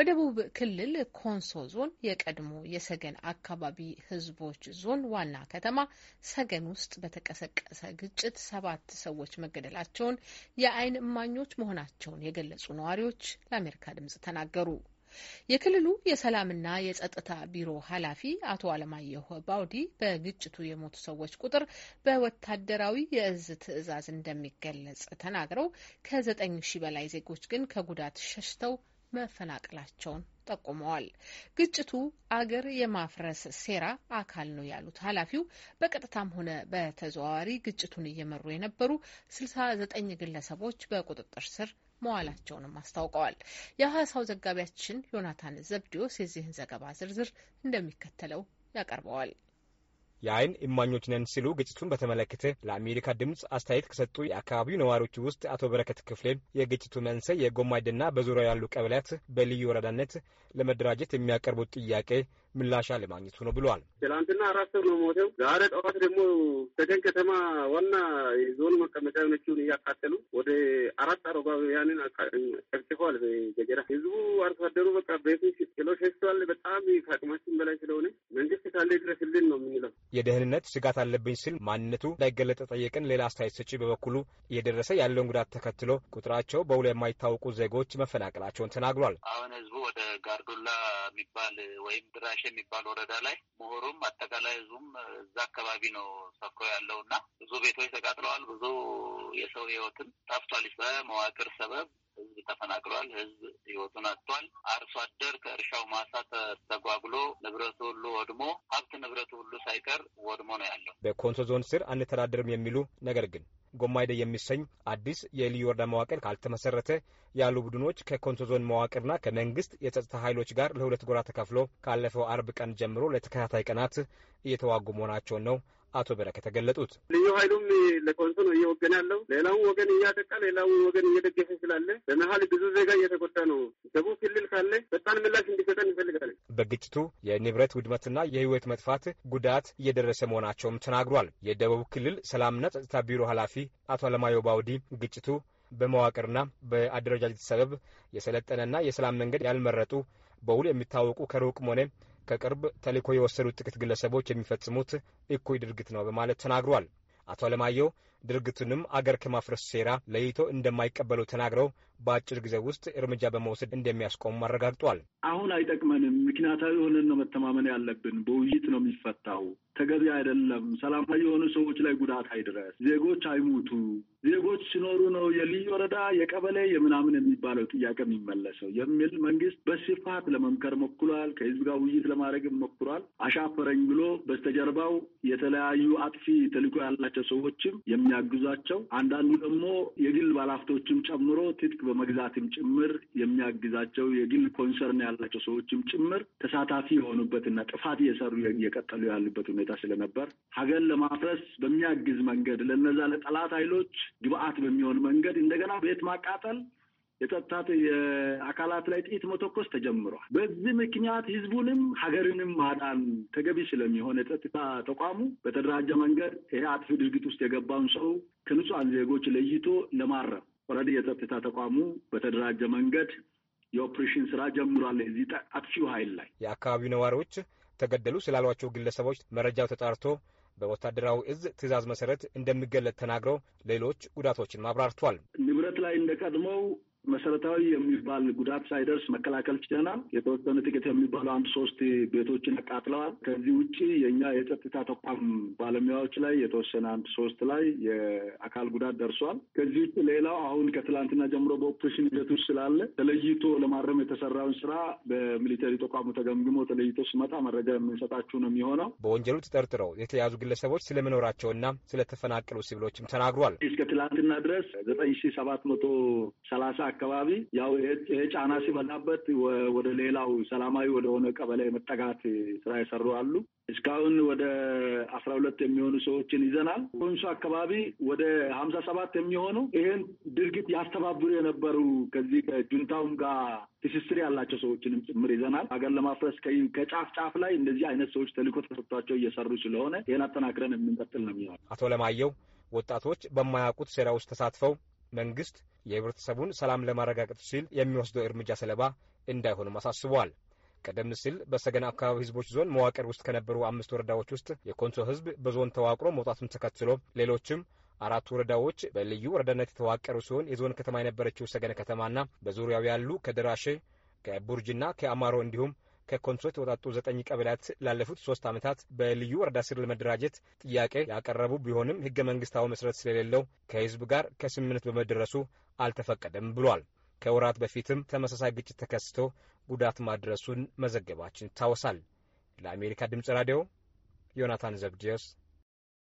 በደቡብ ክልል ኮንሶ ዞን የቀድሞ የሰገን አካባቢ ህዝቦች ዞን ዋና ከተማ ሰገን ውስጥ በተቀሰቀሰ ግጭት ሰባት ሰዎች መገደላቸውን የአይን እማኞች መሆናቸውን የገለጹ ነዋሪዎች ለአሜሪካ ድምጽ ተናገሩ። የክልሉ የሰላምና የጸጥታ ቢሮ ኃላፊ አቶ አለማየሁ ባውዲ በግጭቱ የሞቱ ሰዎች ቁጥር በወታደራዊ የእዝ ትዕዛዝ እንደሚገለጽ ተናግረው ከዘጠኝ ሺህ በላይ ዜጎች ግን ከጉዳት ሸሽተው መፈናቀላቸውን ጠቁመዋል። ግጭቱ አገር የማፍረስ ሴራ አካል ነው ያሉት ኃላፊው በቀጥታም ሆነ በተዘዋዋሪ ግጭቱን እየመሩ የነበሩ ስልሳ ዘጠኝ ግለሰቦች በቁጥጥር ስር መዋላቸውንም አስታውቀዋል። የሐዋሳው ዘጋቢያችን ዮናታን ዘብዲዮስ የዚህን ዘገባ ዝርዝር እንደሚከተለው ያቀርበዋል። የአይን እማኞች ነን ሲሉ ግጭቱን በተመለከተ ለአሜሪካ ድምፅ አስተያየት ከሰጡ የአካባቢው ነዋሪዎች ውስጥ አቶ በረከት ክፍሌ የግጭቱ መንስኤ የጎማይድና በዙሪያ ያሉ ቀበሌያት በልዩ ወረዳነት ለመደራጀት የሚያቀርቡት ጥያቄ ምላሽ አለማግኘቱ ነው ብሏል። ትላንትና አራት ሰው ነው ሞተው። ዛሬ ጠዋት ደግሞ ሰገን ከተማ ዋና የዞኑ መቀመጫ የሆነችውን እያካተሉ ወደ አራት አሮባ ያንን ጨፍጭፏል። ህዝቡ የደህንነት ስጋት አለብኝ ስል ማንነቱ እንዳይገለጥ ጠየቅን። ሌላ አስተያየት ሰጪ በበኩሉ እየደረሰ ያለውን ጉዳት ተከትሎ ቁጥራቸው በውሎ የማይታወቁ ዜጎች መፈናቀላቸውን ተናግሯል። አሁን ህዝቡ ወደ ጋርዶላ የሚባል ወይም ድራሽ የሚባል ወረዳ ላይ ምሁሩም አጠቃላይ ህዝቡም እዛ አካባቢ ነው ሰኮ ያለውና ብዙ ቤቶች ተቃጥለዋል። ብዙ የሰው ህይወትም ጠፍቷል። በመዋቅር ሰበብ ተፈናቅሏል። ህዝብ ህይወቱን አጥቷል። አርሶ አደር ከእርሻው ማሳ ተጓጉሎ ንብረቱ ሁሉ ወድሞ ሀብት ንብረቱ ሁሉ ሳይቀር ወድሞ ነው ያለው። በኮንሶ ዞን ስር አንተዳደርም የሚሉ ነገር ግን ጎማይደ የሚሰኝ አዲስ የልዩ ወረዳ መዋቅር ካልተመሰረተ ያሉ ቡድኖች ከኮንሶ ዞን መዋቅርና ከመንግስት የጸጥታ ኃይሎች ጋር ለሁለት ጎራ ተከፍሎ ካለፈው አርብ ቀን ጀምሮ ለተከታታይ ቀናት እየተዋጉ መሆናቸውን ነው አቶ በረከተ ገለጡት። ልዩ ኃይሉም ለቆንሶ ነው እየወገን ያለው ሌላውን ወገን እያጠቃ ሌላውን ወገን እየደገፈ ስላለ በመሀል ብዙ ዜጋ እየተጎዳ ነው። ደቡብ ክልል ካለ ፈጣን ምላሽ እንዲሰጠን እንፈልጋለን። በግጭቱ የንብረት ውድመትና የህይወት መጥፋት ጉዳት እየደረሰ መሆናቸውም ተናግሯል። የደቡብ ክልል ሰላምና ጸጥታ ቢሮ ኃላፊ አቶ አለማዮ ባውዲ ግጭቱ በመዋቅርና በአደረጃጀት ሰበብ የሰለጠነና የሰላም መንገድ ያልመረጡ በውል የሚታወቁ ከሩቅም ሆነ ከቅርብ ተልኮ የወሰዱት ጥቂት ግለሰቦች የሚፈጽሙት እኩይ ድርጊት ነው በማለት ተናግሯል። አቶ አለማየሁ ድርጊቱንም አገር ከማፍረስ ሴራ ለይቶ እንደማይቀበሉ ተናግረው በአጭር ጊዜ ውስጥ እርምጃ በመውሰድ እንደሚያስቆሙ አረጋግጧል። አሁን አይጠቅመንም፣ ምክንያታዊ የሆነን ነው መተማመን ያለብን፣ በውይይት ነው የሚፈታው፣ ተገቢ አይደለም፣ ሰላማዊ የሆኑ ሰዎች ላይ ጉዳት አይድረስ፣ ዜጎች አይሙቱ ዜጎች ሲኖሩ ነው የልዩ ወረዳ የቀበሌ የምናምን የሚባለው ጥያቄ የሚመለሰው የሚል መንግስት በስፋት ለመምከር ሞክሯል። ከህዝብ ጋር ውይይት ለማድረግም ሞክሯል። አሻፈረኝ ብሎ በስተጀርባው የተለያዩ አጥፊ ተልዕኮ ያላቸው ሰዎችም የሚያግዟቸው አንዳንዱ ደግሞ የግል ባለሀብቶችም ጨምሮ ትጥቅ በመግዛትም ጭምር የሚያግዛቸው የግል ኮንሰርን ያላቸው ሰዎችም ጭምር ተሳታፊ የሆኑበትና ጥፋት እየሰሩ እየቀጠሉ ያሉበት ሁኔታ ስለነበር ሀገር ለማፍረስ በሚያግዝ መንገድ ለነዛ ለጠላት ኃይሎች ግብአት በሚሆን መንገድ እንደገና ቤት ማቃጠል የጸጥታ የአካላት ላይ ጥይት መተኮስ ተጀምሯል። በዚህ ምክንያት ህዝቡንም ሀገርንም ማዳን ተገቢ ስለሚሆን የጸጥታ ተቋሙ በተደራጀ መንገድ ይሄ አጥፊ ድርጊት ውስጥ የገባውን ሰው ከንጹሐን ዜጎች ለይቶ ለማረም ኦልሬዲ የጸጥታ ተቋሙ በተደራጀ መንገድ የኦፕሬሽን ስራ ጀምሯል። እዚህ አጥፊው ኃይል ላይ የአካባቢው ነዋሪዎች ተገደሉ ስላሏቸው ግለሰቦች መረጃው ተጣርቶ በወታደራዊ እዝ ትእዛዝ መሰረት እንደሚገለጥ ተናግረው ሌሎች ጉዳቶችን አብራርቷል። ንብረት ላይ እንደቀድሞው መሰረታዊ የሚባል ጉዳት ሳይደርስ መከላከል ችለናል። የተወሰነ ጥቂት የሚባሉ አንድ ሶስት ቤቶችን አቃጥለዋል። ከዚህ ውጭ የእኛ የጸጥታ ተቋም ባለሙያዎች ላይ የተወሰነ አንድ ሶስት ላይ የአካል ጉዳት ደርሷል። ከዚህ ውጭ ሌላው አሁን ከትላንትና ጀምሮ በኦፕሬሽን ሂደት ውስጥ ስላለ ተለይቶ ለማረም የተሰራውን ስራ በሚሊተሪ ተቋሙ ተገምግሞ ተለይቶ ሲመጣ መረጃ የምንሰጣችሁ ነው የሚሆነው። በወንጀሉ ተጠርጥረው የተያዙ ግለሰቦች ስለመኖራቸውና ስለተፈናቀሉ ሲቪሎችም ተናግሯል። እስከ ትላንትና ድረስ ዘጠኝ ሺ ሰባት መቶ ሰላሳ አካባቢ ያው ይሄ ጫና ሲበዛበት ወደ ሌላው ሰላማዊ ወደሆነ ቀበሌ መጠጋት ስራ የሰሩ አሉ። እስካሁን ወደ አስራ ሁለት የሚሆኑ ሰዎችን ይዘናል። ኮንሶ አካባቢ ወደ ሀምሳ ሰባት የሚሆኑ ይህን ድርጊት ያስተባብሩ የነበሩ ከዚህ ከጁንታውም ጋር ትስስር ያላቸው ሰዎችንም ጭምር ይዘናል። ሀገር ለማፍረስ ከጫፍ ጫፍ ላይ እንደዚህ አይነት ሰዎች ተልእኮ ተሰጥቷቸው እየሰሩ ስለሆነ ይህን አጠናክረን የምንቀጥል ነው የሚሆነው። አቶ ለማየሁ ወጣቶች በማያውቁት ስራ ውስጥ ተሳትፈው መንግስት የህብረተሰቡን ሰላም ለማረጋገጥ ሲል የሚወስደው እርምጃ ሰለባ እንዳይሆንም አሳስቧል። ቀደም ሲል በሰገና አካባቢ ህዝቦች ዞን መዋቅር ውስጥ ከነበሩ አምስት ወረዳዎች ውስጥ የኮንሶ ህዝብ በዞን ተዋቅሮ መውጣቱን ተከትሎ ሌሎችም አራት ወረዳዎች በልዩ ወረዳነት የተዋቀሩ ሲሆን የዞን ከተማ የነበረችው ሰገነ ከተማና በዙሪያው ያሉ ከደራሼ ከቡርጅና ከአማሮ እንዲሁም ከኮንሶ የተወጣጡ ዘጠኝ ቀበሌያት ላለፉት ሶስት ዓመታት በልዩ ወረዳ ስር ለመደራጀት ጥያቄ ያቀረቡ ቢሆንም ህገ መንግስታዊ መሰረት ስለሌለው ከህዝብ ጋር ከስምምነት በመደረሱ አልተፈቀደም ብሏል። ከወራት በፊትም ተመሳሳይ ግጭት ተከስቶ ጉዳት ማድረሱን መዘገባችን ይታወሳል። ለአሜሪካ ድምፅ ራዲዮ ዮናታን ዘብዲዮስ